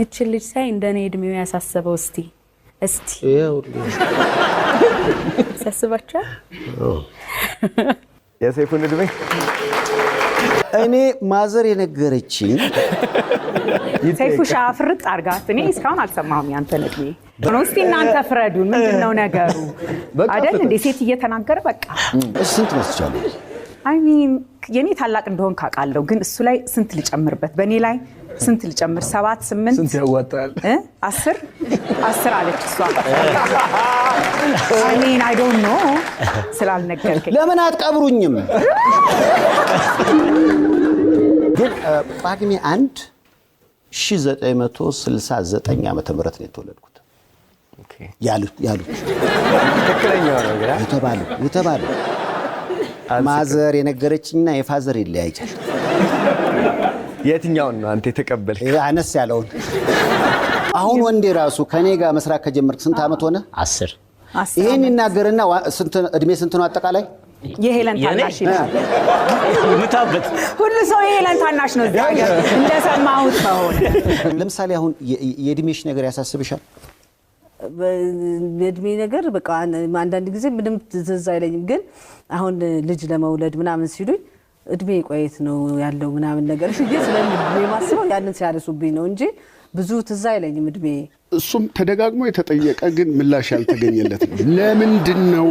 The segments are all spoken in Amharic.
ይችን ልጅ ሳይ እንደ እኔ እድሜው ያሳሰበው እስቲ እስቲ ያሳስባችኋል የሰይፉን እድሜ እኔ ማዘር የነገረችኝ ሰይፉ ሻፍርጥ አርጋት እኔ እስካሁን አልሰማሁም ያንተን እድሜ እስቲ እናንተ ፍረዱ። ምንድን ነው ነገሩ አይደል እንዴ ሴት እየተናገረ በቃ ስንት መስቻለሁ አይ ሚን የኔ ታላቅ እንደሆን ካውቃለሁ፣ ግን እሱ ላይ ስንት ልጨምርበት? በእኔ ላይ ስንት ልጨምር? ሰባት ስምንት ስንት ያዋጣል? አስር አስር አለች እሷ። እኔን አይ ዶንት ኖ ስላልነገርከኝ ለምን አትቀብሩኝም? ግን ጳጉሜ አንድ 1969 ዓ ም ነው የተወለድኩት ያሉት የተባሉ የተባሉ ማዘር የነገረችኝና የፋዘር ይለያያል። የትኛውን ነው አንተ የተቀበልክ? አነስ ያለውን። አሁን ወንዴ ራሱ ከኔ ጋር መስራት ከጀመርክ ስንት ዓመት ሆነ? አስር ይህን ይናገርና እድሜ ስንት ነው አጠቃላይ? የሄለን ታናሽ ይላል። ሁሉ ሰው የሄለን ታናሽ ነው እንደሰማሁት ከሆነ። ለምሳሌ አሁን የእድሜሽ ነገር ያሳስብሻል? የእድሜ ነገር በቃ አንዳንድ ጊዜ ምንም ትዝ አይለኝም። ግን አሁን ልጅ ለመውለድ ምናምን ሲሉኝ እድሜ ቆየት ነው ያለው ምናምን ነገር ይ ማስበው ያንን ሲያነሱብኝ ነው እንጂ ብዙ ትዝ አይለኝም እድሜ። እሱም ተደጋግሞ የተጠየቀ ግን ምላሽ ያልተገኘለት ነው። ለምንድን ነው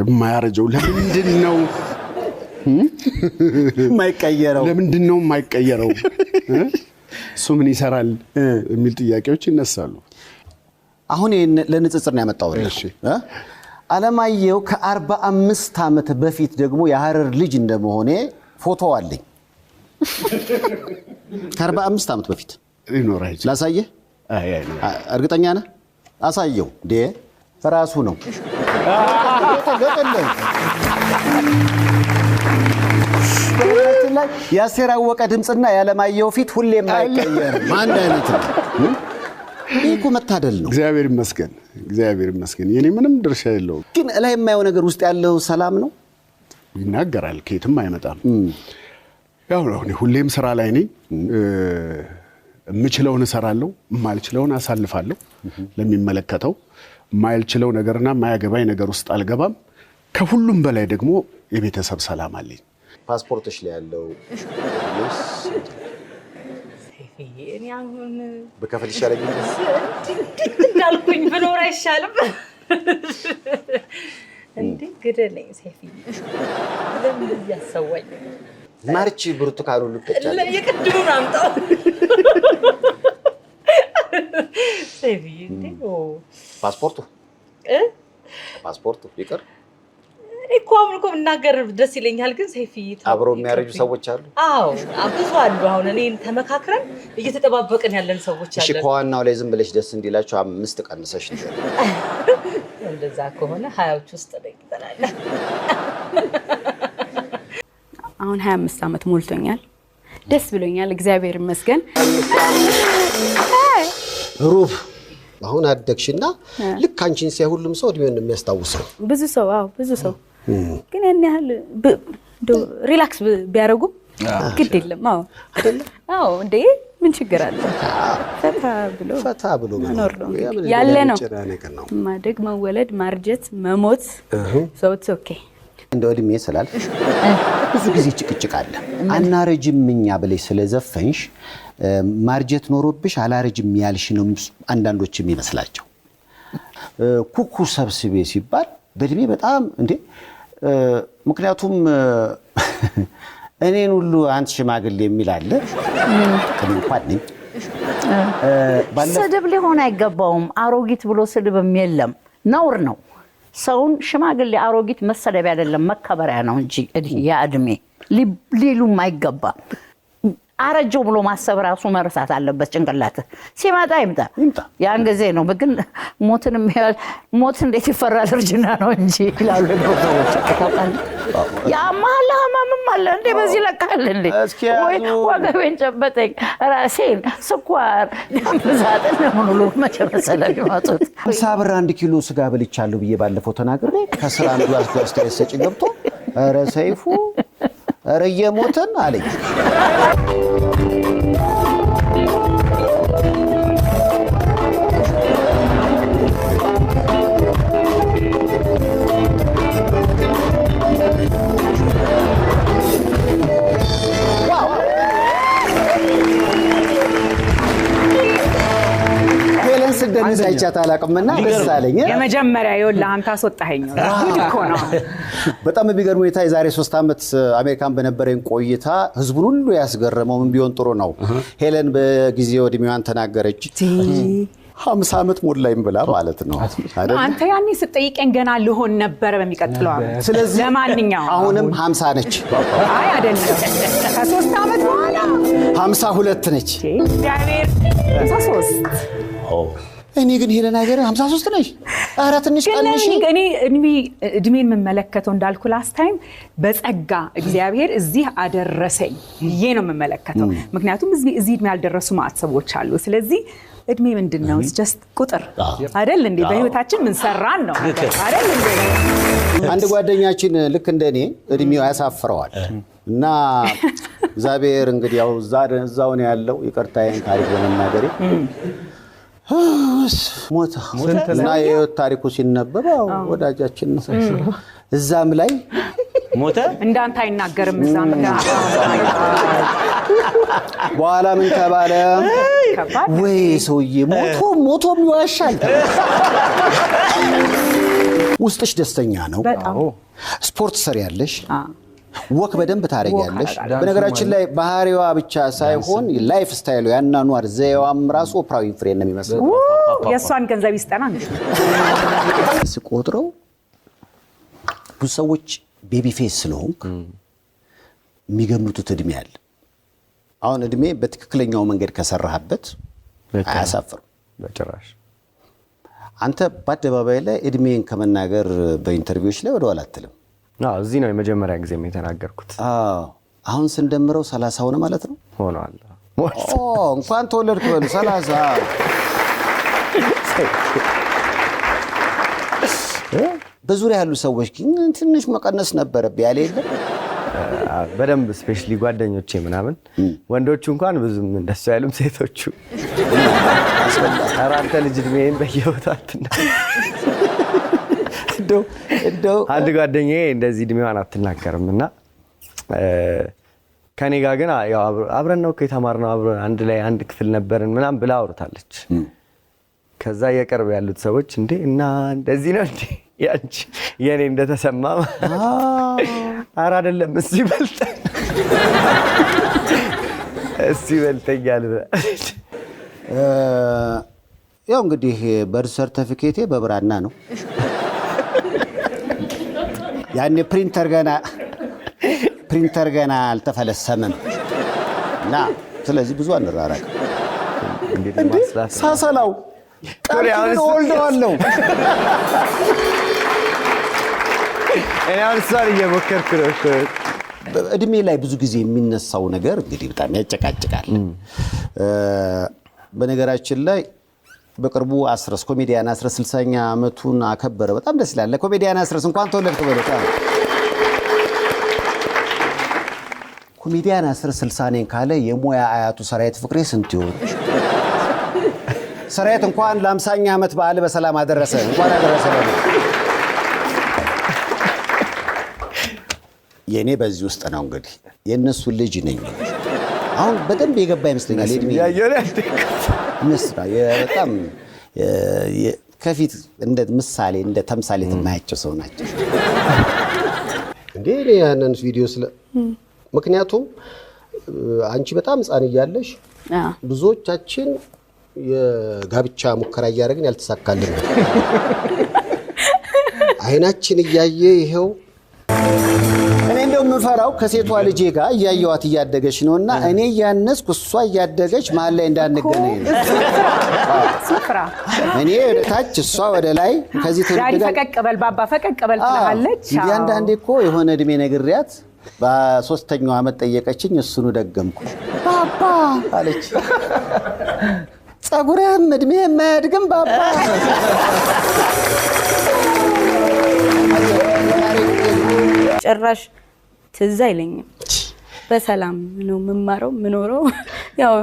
የማያረጀው? ለምንድን ነው የማይቀየረው? ለምንድን ነው የማይቀየረው? እሱ ምን ይሰራል የሚል ጥያቄዎች ይነሳሉ። አሁን ለንጽጽር ነው ያመጣው። አለማየሁ ከአርባ አምስት ዓመት በፊት ደግሞ የሀረር ልጅ እንደመሆኔ ፎቶ አለኝ። ከአርባ አምስት ዓመት በፊት ላሳየ እርግጠኛ ነ አሳየው። ዴ ራሱ ነው። ላይ የአስቴር አወቀ ድምፅና የአለማየሁ ፊት ሁሌም አይቀየርም፣ አንድ አይነት ነው። ይህ እኮ መታደል ነው። እግዚአብሔር ይመስገን፣ እግዚአብሔር ይመስገን። የኔ ምንም ድርሻ የለውም። ግን እላይ የማየው ነገር ውስጥ ያለው ሰላም ነው ይናገራል። ከየትም አይመጣም። ያው ሁሌም ስራ ላይ ነኝ። የምችለውን እሰራለሁ፣ የማልችለውን አሳልፋለሁ ለሚመለከተው። የማልችለው ነገርና የማያገባኝ ነገር ውስጥ አልገባም። ከሁሉም በላይ ደግሞ የቤተሰብ ሰላም አለኝ። ፓስፖርቶች ላይ ያለው እኔ አሁን ብከፍል ይሻለኝ እንዳልኩኝ ብኖር አይሻልም እንዴ? ግደለኝ ሰይፍዬ፣ ለምን እያሰዋኝ ማርች ብርቱካን ሁሉ የቅድሙን አምጣው ሰይፍዬ። ፓስፖርቱ ፓስፖርቱ ይቅር እኮ አሁን እኮ እናገር ደስ ይለኛል፣ ግን ሰይፍ አብሮ የሚያረጁ ሰዎች አሉ። አዎ ብዙ አሉ። አሁን እኔን ተመካክረን እየተጠባበቅን ያለን ሰዎች አሉ። እሺ ከዋናው ላይ ዝም ብለሽ ደስ እንዲላቸው አምስት ቀንሰሽ ነው። እንደዛ ከሆነ ሀያዎች ውስጥ ላይ ይበላል። አሁን ሀያ አምስት ዓመት ሞልቶኛል። ደስ ብሎኛል። እግዚአብሔር ይመስገን። ሩብ አሁን አደግሽና ልክ አንቺን ሲያይ ሁሉም ሰው እድሜውን የሚያስታውሰው ብዙ ሰው አዎ ብዙ ሰው ግን ያን ያህል ሪላክስ ቢያደርጉም ግድ የለም። አዎ አዎ፣ እንዴ ምን ችግር አለ? ፈታ ብሎ ፈታ ብሎ መኖር ነው ያለ ነው። ማደግ፣ መወለድ፣ ማርጀት፣ መሞት ሰውት ኦኬ። እንደ እድሜ ስላል ብዙ ጊዜ ጭቅጭቅ አለ። አናረጅም እኛ ብለሽ ስለዘፈንሽ ማርጀት ኖሮብሽ አላረጅም ያልሽ ነው አንዳንዶች የሚመስላቸው። ኩኩ ሰብስቤ ሲባል በእድሜ በጣም እንዴ። ምክንያቱም እኔን ሁሉ አንድ ሽማግሌ የሚል አለ። ቅድም እንኳን ስድብ ሊሆን አይገባውም። አሮጊት ብሎ ስድብም የለም፣ ነውር ነው። ሰውን ሽማግሌ አሮጊት መሰደብ አይደለም መከበሪያ ነው እንጂ ያ እድሜ ሊሉም አይገባም። አረጀው ብሎ ማሰብ ራሱ መርሳት አለበት። ጭንቅላት ሲመጣ ይምጣ፣ ያን ጊዜ ነው። ግን ሞትን የሚያል ሞት እንዴት ይፈራል? እርጅና ነው እንጂ ይላሉ ሰዎች። ያማል ህመምም አለ እንዴ! በዚህ ለቃል እንዴ! ወይ ወገቤን ጨበጠኝ፣ ራሴን፣ ስኳር፣ ደም ብዛት እንደምን ሁሉ መቼ መሰለህ የሚመጡት። ምሳ ብር አንድ ኪሎ ስጋ በልቻለሁ ብዬ ባለፈው ተናግሬ ከስራ አንዱ አስተያየት ሰጪ ገብቶ ኧረ ሰይፉ ኧረ አለኝ። አይቻት አላውቅምና ደስ አለኝ። የመጀመሪያ የወላ አንተ አስወጣኸኝ እኮ ነው። በጣም የሚገርም ሁኔታ የዛሬ ሶስት ዓመት አሜሪካን በነበረኝ ቆይታ ህዝቡን ሁሉ ያስገረመው ምን ቢሆን ጥሩ ነው። ሄለን በጊዜ እድሜዋን ተናገረች። ሀምሳ ዓመት ላይም ብላ ማለት ነው። አንተ ያኔ ስጠይቀኝ ገና ልሆን ነበረ በሚቀጥለው ዓመት። ስለዚህ ለማንኛውም አሁንም ሀምሳ ነች። አይ አይደለም፣ ከሶስት ዓመት በኋላ ሀምሳ ሁለት ነች። ሶስት እኔ ግን ሄለን ሀገር 53 ነሽ። ኧረ ትንሽ ቀንሽ። እኔ እድሜን የምመለከተው እንዳልኩ ላስት ታይም በጸጋ እግዚአብሔር እዚህ አደረሰኝ ብዬ ነው የምመለከተው። ምክንያቱም እዚህ እድሜ ያልደረሱ ማዕት ሰዎች አሉ። ስለዚህ እድሜ ምንድን ነው? ጀስት ቁጥር አይደል እንዴ? በህይወታችን ምን ሰራን ነው አይደል እንዴ? አንድ ጓደኛችን ልክ እንደ እኔ እድሜው ያሳፍረዋል እና እግዚአብሔር እንግዲህ ያው እዛው ነው ያለው። ይቅርታዬን ታሪክ ለመናገሬ ሞተ እና የህይወት ታሪኩ ሲነበብ ወዳጃችን ነው። እዛም ላይ ሞተ እንዳንተ አይናገርም። በኋላ ምን ተባለ? ወይ ሰውዬ ሞቶ ሞቶ ይዋሻል። ውስጥሽ ደስተኛ ነው። ስፖርት ሰሪ ያለሽ ወክ በደንብ ታደርጊያለሽ። በነገራችን ላይ ባህሪዋ ብቻ ሳይሆን ላይፍ ስታይሉ ያናኗር ዘዋም ራሱ ኦፕራ ዊንፍሬ ነው የሚመስለው። የእሷን ገንዘብ ይስጠና ስቆጥረው ብዙ ሰዎች ቤቢ ፌስ ስለሆንክ የሚገምቱት እድሜ አለ። አሁን እድሜ በትክክለኛው መንገድ ከሰራህበት አያሳፍርም በጭራሽ። አንተ በአደባባይ ላይ እድሜን ከመናገር በኢንተርቪዎች ላይ ወደኋላ አትልም። እዚህ ነው የመጀመሪያ ጊዜ የተናገርኩት። አሁን ስንደምረው ሰላሳ ሆነ ማለት ነው። ሆኗል። እንኳን ተወለድክ በሉ ሰላሳ በዙሪያ ያሉ ሰዎች ግን ትንሽ መቀነስ ነበረብህ ያለ የለም። በደንብ ስፔሻሊ ጓደኞቼ ምናምን ወንዶቹ እንኳን ብዙም እንደሱ ያሉም ሴቶቹ አራንተ አንተ ልጅ እድሜህን በየቦታ አንድ ጓደኛዬ እንደዚህ እድሜዋን አትናገርም እና ከኔ ጋር ግን አብረን ነው የተማርነው አብረን አንድ ላይ አንድ ክፍል ነበርን ምናምን ብላ አውርታለች። ከዛ የቅርብ ያሉት ሰዎች እንዴ እና እንደዚህ ነው እንዴ ያንቺ የኔ እንደተሰማ አረ አይደለም እሱ ይበልጠኝ እሱ ይበልጠኛል። ያው እንግዲህ በርዝ ሰርተፊኬቴ በብራና ነው። ያኔ ፕሪንተር ገና ፕሪንተር ገና አልተፈለሰምም እና ስለዚህ ብዙ አንራራቅ። ሳሰላው ቃልኪዳን ወልደዋለሁ። እኔ አሁን እሷን እየሞከርኩ ነው። እድሜ ላይ ብዙ ጊዜ የሚነሳው ነገር እንግዲህ በጣም ያጨቃጭቃል። በነገራችን ላይ በቅርቡ አስረስ ኮሜዲያን አስረስ ስልሳኛ ዓመቱን አከበረ። በጣም ደስ ይላል። ለኮሜዲያን አስረስ እንኳን ተወለድክ በለው። ኮሜዲያን አስረስ ስልሳኔን ካለ የሙያ አያቱ ሰራዊት ፍቅሬ ስንት ይሆን? ሰራዊት እንኳን ለአምሳኛ ዓመት በዓል በሰላም አደረሰ። እንኳን አደረሰ። የእኔ በዚህ ውስጥ ነው እንግዲህ የእነሱ ልጅ ነኝ። አሁን በደንብ የገባ ይመስለኛል። ምስራ በጣም ከፊት እንደ ምሳሌ እንደ ተምሳሌት የማያቸው ሰው ናቸው። እንዴ ያንን ቪዲዮ ስለ ምክንያቱም አንቺ በጣም ህፃን እያለሽ ብዙዎቻችን የጋብቻ ሙከራ እያደረግን ያልተሳካልን አይናችን እያየ ይኸው የምፈራው ከሴቷ ልጄ ጋር እያየዋት እያደገች ነው እና እኔ እያነስኩ እሷ እያደገች መሀል ላይ እንዳንገናኝ ነው። እኔ ወደ ታች እሷ ወደ ላይ ከዚህ ፈቀቅ በል ባባ ፈቀቅ በል ትላለች። እያንዳንዴ እኮ የሆነ እድሜ ነግሪያት በሶስተኛው ዓመት ጠየቀችኝ። እሱኑ ደገምኩ ባባ አለች። ጸጉርህም እድሜ የማያድግም ባባ ጭራሽ ትዝ አይለኝም። በሰላም ነው የምማረው የምኖረው። ያው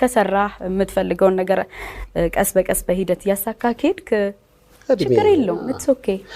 ከሰራ የምትፈልገውን ነገር ቀስ በቀስ በሂደት እያሳካ ከሄድክ ችግር የለውም። ኦኬ